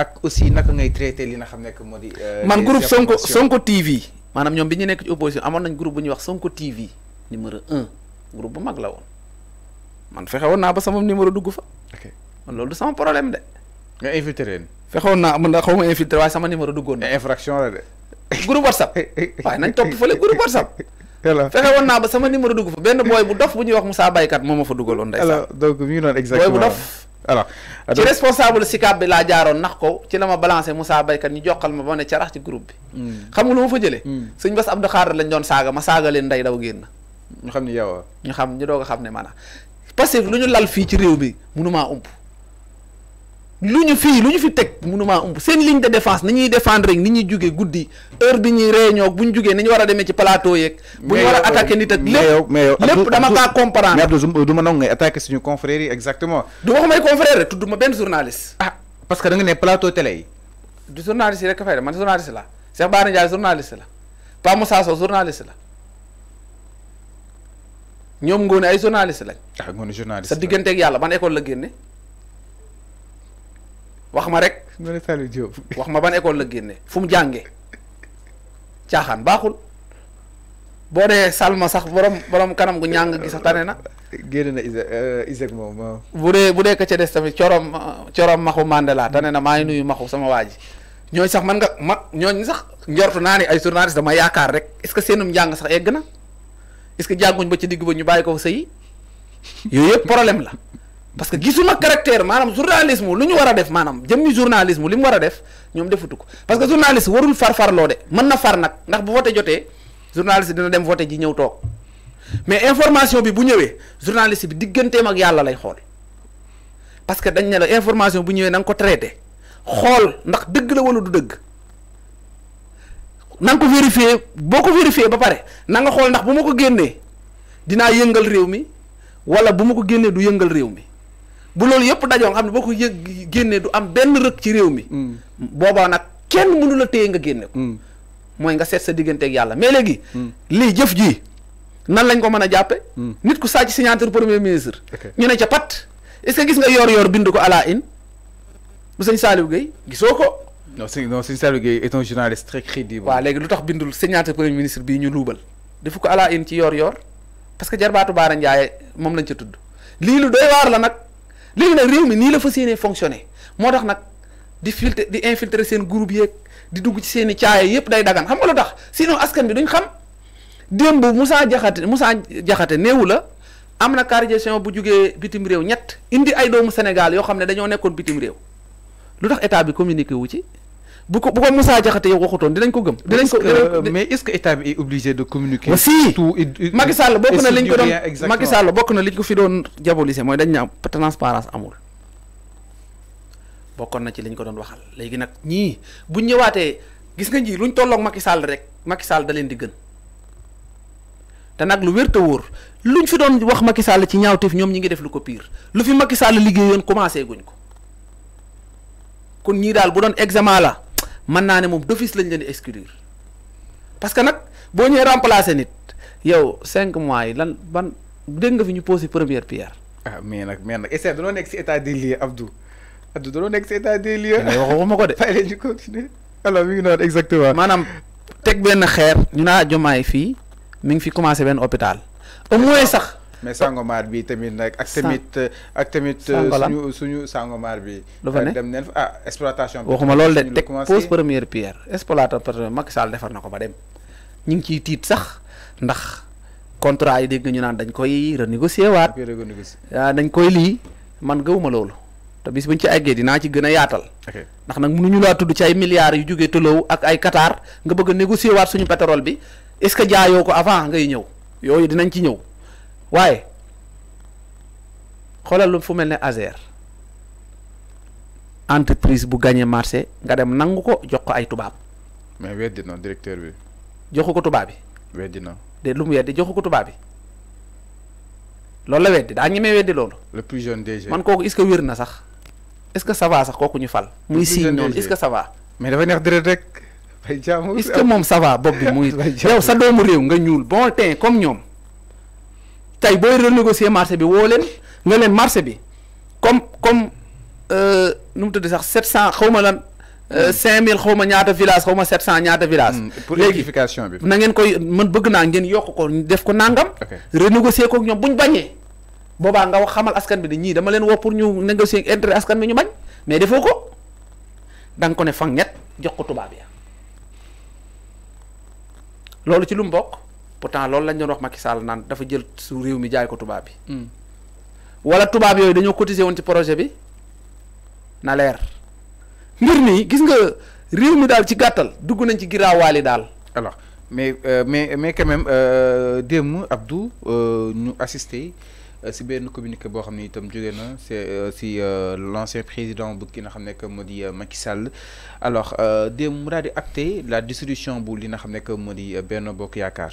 ak aussi naka ngay traité li nga xam nek modi euh, man groupe Sonko Sonko TV manam ñom biñu nek ci opposition amon nañ groupe bu wax Sonko TV numéro 1 groupe bu mag la won man fexewon na ba sama numéro dugg fa. ok man loolu sama problème de. nga infiltré leen. fexe woon naa man xaw ma infiltré waaye sama numéro duggoon na. infraction la de. groupe WhatsApp waaye nañ top fa le groupe WhatsApp. alors fexe ba sama numéro dugg fa ben boy bu dof bu ñuy wax Moussa Baykat moo ma fa duggaloon. ndeysaan donc mi non exactement boy bu dof. alors ci responsable SICAP bi laa jaaroon nax ko ci la ma balancé Moussa Baykat ñu jokkal ma ba ne carax ci groupe bi. Hmm. xam nga lu ma fa jëlee. Hmm. sëñ Bass Abdou Khadre lañ doon saaga ma saaga leen ndey daw génn. ñu xam ñu xam ñu doog a xam ne maanaam parce que lu ñu lal fii ci réew mi mënumaa ump. lu ñu fii lu ñu fi teg mënumaa umb seen ligne de defence ni ñuy défendre ni ñuy jugee guddi heure bi ñuy réunion bu ñu jugee ni ñu war a demee ci plateau yeeg. bu ñu war a attaqué nit ak lépp mais yow lépp dama kaa comprendre. du ma nangu ngay attaqué suñu confrères yi exactement. du ma ko may confrère rek tudd ma benn journaliste. ah parce que da nga ne plateau télé yi. du journaliste yi rek fay de man journaliste la Cheikh Bara Ndiaye journaliste la Pa Moussa Sow journaliste la. ñoom ngoone ay journaliste lañ. ah ngoone journaliste sa digganteeg yàlla ban école la génne. wax ma rek. nga ne Saliou Diop wax ma ban école la génne fu mu jàngee caaxaan baaxul boo dee salma sax borom borom kanam gu ñàng gi sax tane na. génne na Isaac euh, moom bu dee bu dee ka ca tamit corom corom maxu Mandela tane na maa ngi nuyu maxu sama waa ji ñooñu sax man nga ma ñooñu sax njort naa ne ay journaliste dama yaakaar rek est-ce que seenum njàng sax egg na est que jànguñ ba ci diggu ba ñu bàyyi ko fa sëyi yooyu yëpp problème la. parce que gisuma caractère maanaam journalisme lu ñu war a def maanaam jëmmi journalisme li mu war a def ñoom defutu ko parce que journaliste warul farfarloo de mën na far nag ndax bu vote jotee journaliste dina dem vote ji ñëw toog mais information bi bu ñëwee journaliste bi digganteem ak yàlla lay xool parce que dañ ne la information bu ñëwee na ko traité xool ndax dëgg la wala du dëgg na ko vérifié boo ko vérifié ba pare na nga xool ndax bu ma ko génnee dinaa yëngal réew mi wala bu ma ko génnee du yëngal réew mi. bu loolu yëpp dajoo nga xam ne boo ko yëg génnee du am benn rëkk ci réew mi. Mm. boobaa nag kenn mënu la téye nga génne mm. mooy nga seet sa digganteek yàlla mais léegi. Mm. lii jëf ji nan lañ ko mën a jàppe nit ku sàcc signature premier ministre. ñu ne ca pat est gis nga yoor yor bind ko à la une bu sëñ Saliou Gueye gisoo ko. non sëñ non sëñ Saliou Gueye est un journaliste très crédible. waaw léegi lu tax bindul signature premier ministre bii ñu luubal defu ko à la une ci yor-yor parce que jarbaatu Baara Ndiaye moom lañ ca tudd léegi nag réew mi nii la fa yéenee fonctionner moo tax nag di filtre di infiltre seen groupe yeeg di dugg ci seen i caaya yëpp day dagan xam nga lu tax sinon askan bi duñ xam démb Moussa Diakhaté Moussa jaxate néewu la am na cardiation bu jugee bitim réew ñett indi ay doomu Sénégal yoo xam ne dañoo nekkoon bitim réew lu tax état bi communiqué wu ci. bu ko bu ko Moussa Diakhaté yow waxutoon dinañ ko gëm. dinañ ko euh, mais est-ce que état bi est obligé de communiquer. aussi tout Macky Sall bokk na liñ ko doon Macky Sall bokk na liñ ko fi doon diaboliser mooy dañ ñaaw transparence amul. bokkoon na ci liñ ko doon waxal léegi nag ñii buñ ñëwaatee gis nga ñii luñ tolloog Macky Sall rek Macky Sall da leen di gën te lu wér te wak luñ fi doon wax Macky Sall ci ñaawteef ñi ngi def lu ko pire lu fi Macky Sall liggéeyoon commencé guñ ko kon ñii daal bu doon examen la man naa ne moom d'office lañ leen di exclure parce que nag boo ñëwee remplacer nit yow cinq mois yi lan ban dégg nga fi ñu poser première pierre. ah mais nag mais nag essai danoo nekk si état des lieux Abdou Abdou danoo nekk si état des lieux. mais waxuma ko de. fay leen ñu continuer alors mi ngi noonu exactement. maanaam teg benn xeer ñu naa ah, jomaay fii mi ngi fi commencé benn hôpital au moins sax mais sangomar bi tamit nak ak tamit ak tamit suñu suñu sangomar bi dem neen ah exploitation waxuma loolu de tek pose première pierre exploitation Macky Sall defar nako ba dem ñi ngi ci tiit sax ndax contrat yi deg ñu nan dañ koy renégocier waat dañ koy ah, li man gëwuma lolou te bis buñ ci aggé dina ci gëna yaatal ndax mënu ñu la tuddu ci ay milliards yu jógee tëloow ak ay Qatar nga bëgg négocier wat suñu pétrole bi est ce que jaayoko avant ngay ñëw yooyu dinañ ci ñëw waaye xoolal lu fu mel ne Azer entreprise bu gagné marché nga dem nangu ko jox ko ay tubaab. mais weddi na directeur bi. joxu ko tubaab bi. weddi na de lu mu weddi joxu ko tubaab bi loolu la weddi daa ñemee weddi loolu. le plus jeune DG. man kooku est wér na sax est-ce que ça va sax kooku ñu fal. muy siiñ noonu est-ce mais dafa neex dërët rek. bay moom ça va bopp bi muy. yow sa doomu réew nga ñuul bon teint comme ñoom. tey booy renégocier marché bi woo leen nga leen marché bi comme comme euh, nu mu tudd sax 700 xaw ma lan. 5000 euh, xaw hmm. xawma ñaata village xaw ma 700 ñaata village. Hmm, pour électrification bi na ngeen koy man bëgg naa ngeen yokk ko def ko nangam. renégocier ko ñoom bu ñu bañee. boobaa nga xamal askan bi ne ñii dama leen woo pour ñu négocier intérêt askan bi ñu bañ mais defoo ko da ko ne fan ñett jox ko tubaab ya loolu ci lu mu bokk. pourtant loolu lañ doon wax Macky Sall naan dafa jël su réew mi jaay ko tubaab bi. Hmm. wala tubaab yooyu dañoo cotiser woon ci projet bi na leer. mbir ni gis nga réew mi daal ci gàttal dugg nañ ci giraawaali daal. alors mais euh, mais mais quand même euh, démb Abdou euh, ñu assisté si benn communiqué boo xam ne itam jóge na c'est si l' ancien président bu ki nga xam ne que moo di Macky Sall alors démb mu daal di acté la dissolution bu li nga xam ne que moo di Benno Bokk Yaakaar.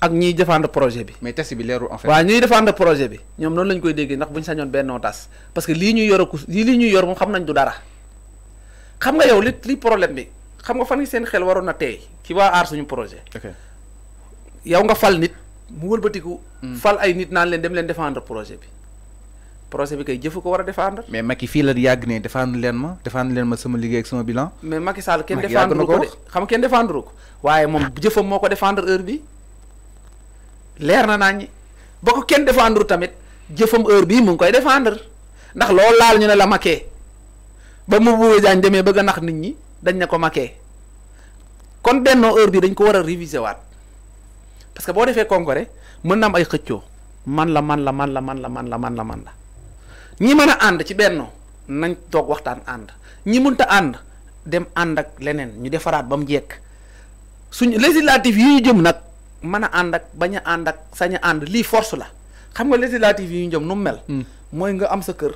ak ñiy défendre projet bi. mais test bi leerul en fait. waaw ñiy projet bi ñoom noonu lañ koy déggee ndax buñ sañoon bennoo tas parce que lii ñuy yor ak lii ñuy yor moom xam nañ du dara xam nga yow li lii problème bi xam nga fan seen xel waroon na tey ki waa aar suñu projet. yow nga fal nit mu wëlbatiku. Hmm. fal ay nit naan leen dem leen défendre projet bi projet bi kay jëfu ko war a défendre. mais Macky fii la yàgg ne défendre leen ma défendre leen ma sama liggéey ak sama bilan. mais Macky Sall kenn défendre ko xam nga kenn défendre ko waaye moom moo ko défendre heure bi leer na nañ ba ko kenn défendre tamit jëfam heure bii mu ngi koy défendre ndax loolu laal ñu ne la makkee ba mu buuba jaan demee bëgg a nax nit ñi dañ ne ko makkee kon bennoo heure bii dañ ko war a réviser waat parce que boo defee congrès mën na am ay xëccoo man la man la man la man la man la man la man la ñi mën a ànd ci bennoo nañ toog waxtaan ànd ñi mënta ànd dem ànd ak leneen ñu defaraat ba mu jekk suñu législatif yi ñu jëm nag. mana andak baña andak saña and li force la xam nga législative yi ñom nu mel. moy hmm. nga am sa kër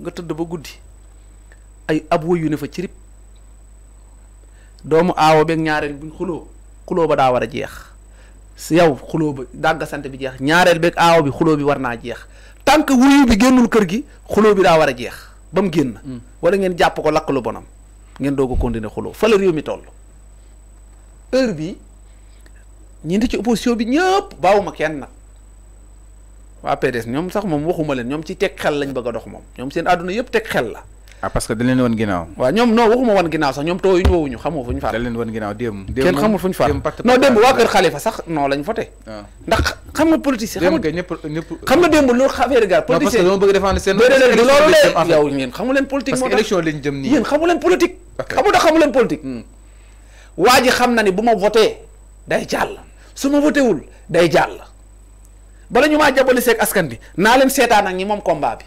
nga tudd ba guddi ay abo yu ne fa rip doomu aawo beeg ñaarel buñ xulo xulo ba da wara a jeex si yow xulo ba sante bi jeex ñaareel beeg aawo bi xulo bi war na jeex tank wuyu bi gennul kër gi xulo bi da wara jeex bam genn hmm. wala ngeen japp ko lu bonam ngeen dogo continuer fa la rew mi toll heure bi ñeenti ci opposition bi ñëpp baawuma kenn nag waa PDS ñoom sax moom waxuma leen ñoom ci teg xel lañ bëgg dox moom ñoom seen àdduna yëpp teg xel la. ah parce que dañ leen wan ginnaaw. waaw ñoom non waxuma wan ginnaaw sax ñoom tooyuñu woowuñu xamoo fu ñu faat. dañ leen xamul fu ñu faat non démb waa kër Xalifa sax non ah. xam nga politicien. démb kay ñëpp ñëpp xam nga démb loolu affaire gars. politicien non dama bëgg défendre seen. loolu de yow yéen xamu leen politique moo tax parce tax xamu leen hmm. waa ji xam na ni bu ma voté day jàll su ma voté wul day jàll bala ñu maa jàppale seeg askan bi naa leen seetaan ak ñi moom combat bi.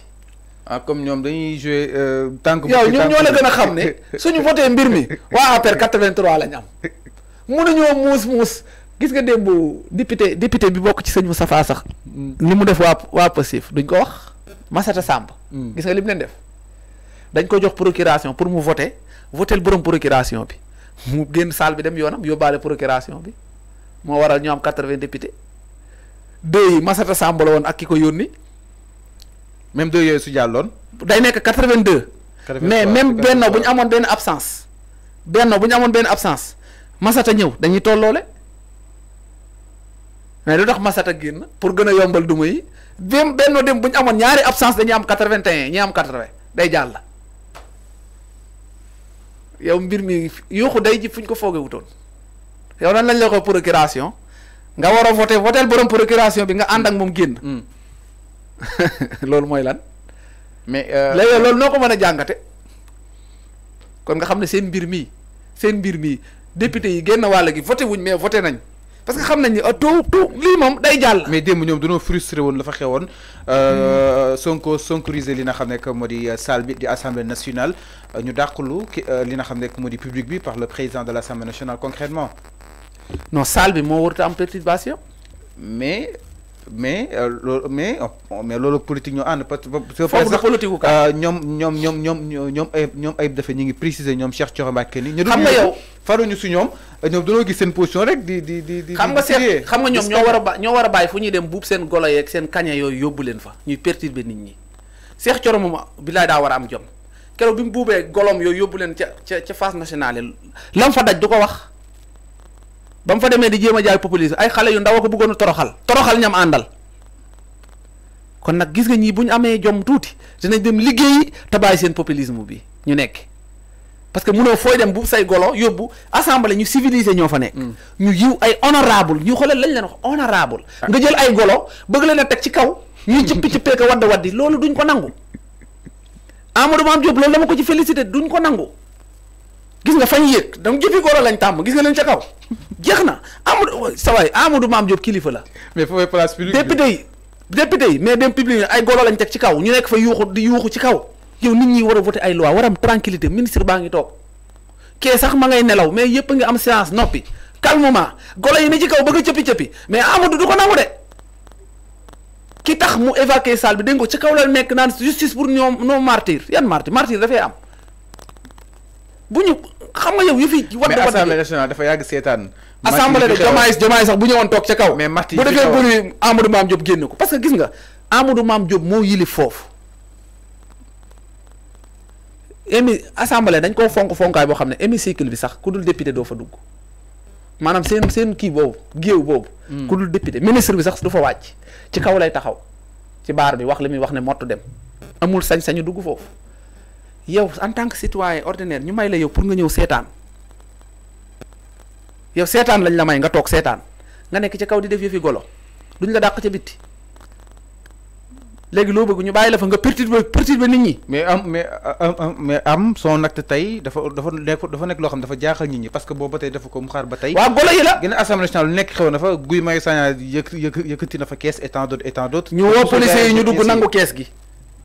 ah comme ñoom dañuy joué euh, tànk. yow ñun ñoo la gën a xam ne suñu voté mbir mi waa APR 83 lañ am mënuñoo muus muus gis nga démb député député bi bokk ci sañu safaa sax mm. li mu def waa waa passif duñ ko wax Massata Samb. Mm. gis nga li leen def dañ ko jox procuration pour mu voté votel borom procuration bi mu génn salle bi dem yoonam yóbbaale procuration bi. mo waral ñu am 80 vingts députés deux yi Massata Samb la woon ak kiko yoni même deux yoy su jallon day nek 82 mais même benno buñ amone ben benn absence. benn bu ñu amoon benn absence Massata ñew dañuy tolloole mais lu tax Massata génn pour gëna yombal duma yi dem benno dem buñ amone ñaari absence dañuy am 81 ñi am 80 day jall yow mbir mi yuuxu day ji fuñ ko foogee wutone yow nan lañ la ko procuration nga war a voté voté borom procuration bi nga ànd ak moom génn. Mm. loolu mooy lan. mais euh, léegi loolu noo ko mën a jàngate kon nga xam ne seen mbir mii seen mbir mii député yi génn wàll gi voté wuñ mais voté nañ. parce que xam nañ ni tout tout lii moom day jàll. mais démb ñoom dañoo frustré woon la fa xewoon euh, Sonko sonkorisé li nga xam ne moo di salle bi di assemblée nationale ñu dàqulu euh, li nga xam ne moo di public bi par le président de l' assemblée nationale concrètement non salve mo un am mais mais euh, mais oh, oh, mais Mais. politique Mais Mais. parce que. politique wu ñom ñom ñom ñom ñom ñoom ayib dafa ngi préciser ñom Cheikh ni. xam nga yow position rek di di di di. xam nga xam nga ñom ñoo wara ba ñoo wara bay fu ñuy dem seen golo seen yoy golom nationale lam ba mu fa demee di jéem a jaay populisme ay xale yu ndaw a ko bëggoon toroxal toroxal ñam àndal kon nag gis nga ñii bu ñu amee jom tuuti dinañ dem liggéey te bàyyi seen populisme bi ñu nekk parce que munoo fooy dem bu say golo yóbbu assemble ñu civilisé ñoo fa nekk. Mm. ñu yiw ay honorable ñu xoolal lañ leen wax honorable ah. nga jël ay golo bëgg leen a teg ci kaw. ñuy cëppi cëppee ko wadd waddi loolu duñ ko nangu. Amadou Mame Diop loolu dama ko ci félicité duñ ko nangu gis nga fañ yéeg donc jëfi golo lañ tàmm gis nga leen ca kaw. jeex na Amadou sa waay Amadou Mame Diop kilifa la. mais foofu place publique député yi député yi mais dem public ay golo lañ teg ci kaw ñu nekk fa yuuxu di yuuxu ci kaw yow nit ñi war a voté ay loi war am tranquillité ministre baa ngi toog kee sax ma ngay nelaw mais yëpp nga am séance noppi calmement golo yi ni ci kaw bëgg a cëppi cëppi mais Amadou du ko nangu de ki tax mu évacuer salle bi dégg ci kaw la nekk naan justice pour ñoom ñoom martyr yan martyr martyr dafay am. bu ñu xam nga yow yu fi. wadd wadd assemblée dafa yàgg seetaan. assemblée de jomaay jomaay sax bu ñëwoon toog ca kaw. mais marti bu defee bëri Amadou Mame Diop génn ko parce gis nga Amadou Mame Diop moo yili foofu. émi assemblée dañ koo fonk fonkaay boo xam ne hémicycle bi sax ku dul député doo fa dugg maanaam seen seen kii boobu géew boobu. Hmm. ku dul député ministre bi sax du fa wàcc. ci kaw lay taxaw ci baar bi wax li muy wax ne mottu dem. amul sañ-sañu dugg foofu. yow en tant que citoyen ordinaire ñu may la yow pour nga ñëw seetaan yow seetaan lañ la may nga toog seetaan nga nekk ca kaw di def yëfi golo duñ la dàq ca bitti léegi loo bëgg ñu bàyyi la fa nga perturber perturber nit ñi. mais am mais mais am son acte tey dafa dafa nekk dafa nekk loo xam dafa jaaxal nit ñi parce que tey dafa ko mu xaar ba tey. waaw golo yi la. gën a assemblée lu nekk xew na fa Guy Marius Sagna yëkkati na fa kees et tant d'autres et tant d'autres. ñu dugg nangu kees gi.